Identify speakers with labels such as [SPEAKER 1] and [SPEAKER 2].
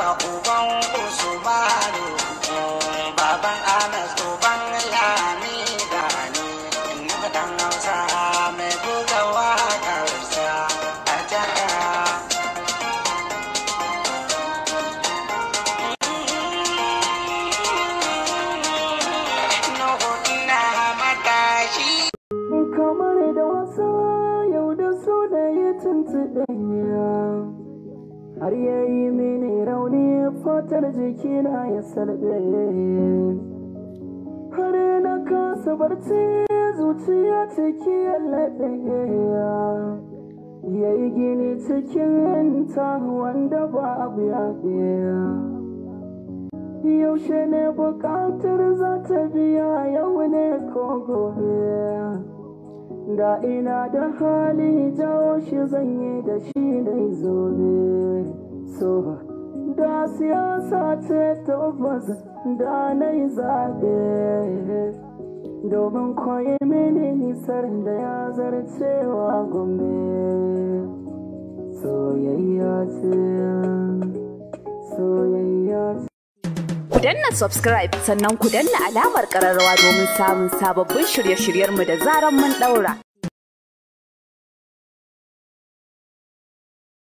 [SPEAKER 1] Abba uban Usmanu eh, baban Anas uban Lami Gani na dan Hausa mai buga waƙarsa a jaha. Kamar da wasa yau da so da ya tuntuɗe har ya yi mini rauni fatar jikina ya salbe har na kasa barci zuciya ciki ya laɗe ya yi gini cikin ta wanda ba abu ya biya yaushe ne bukatar za ta biya yau ne ko gobe da ina da hali jawo shi zan yi da shi dai zobe so da siyasa ce ta maza da na yi zaɓe domin koyi mini nisar da ya zarcewa gombe, soyayya ce soyayya ce Ku danna subscribe sannan ku danna alamar ƙararrawa domin samun sababbin shirye-shiryenmu da zaran mun ɗaura.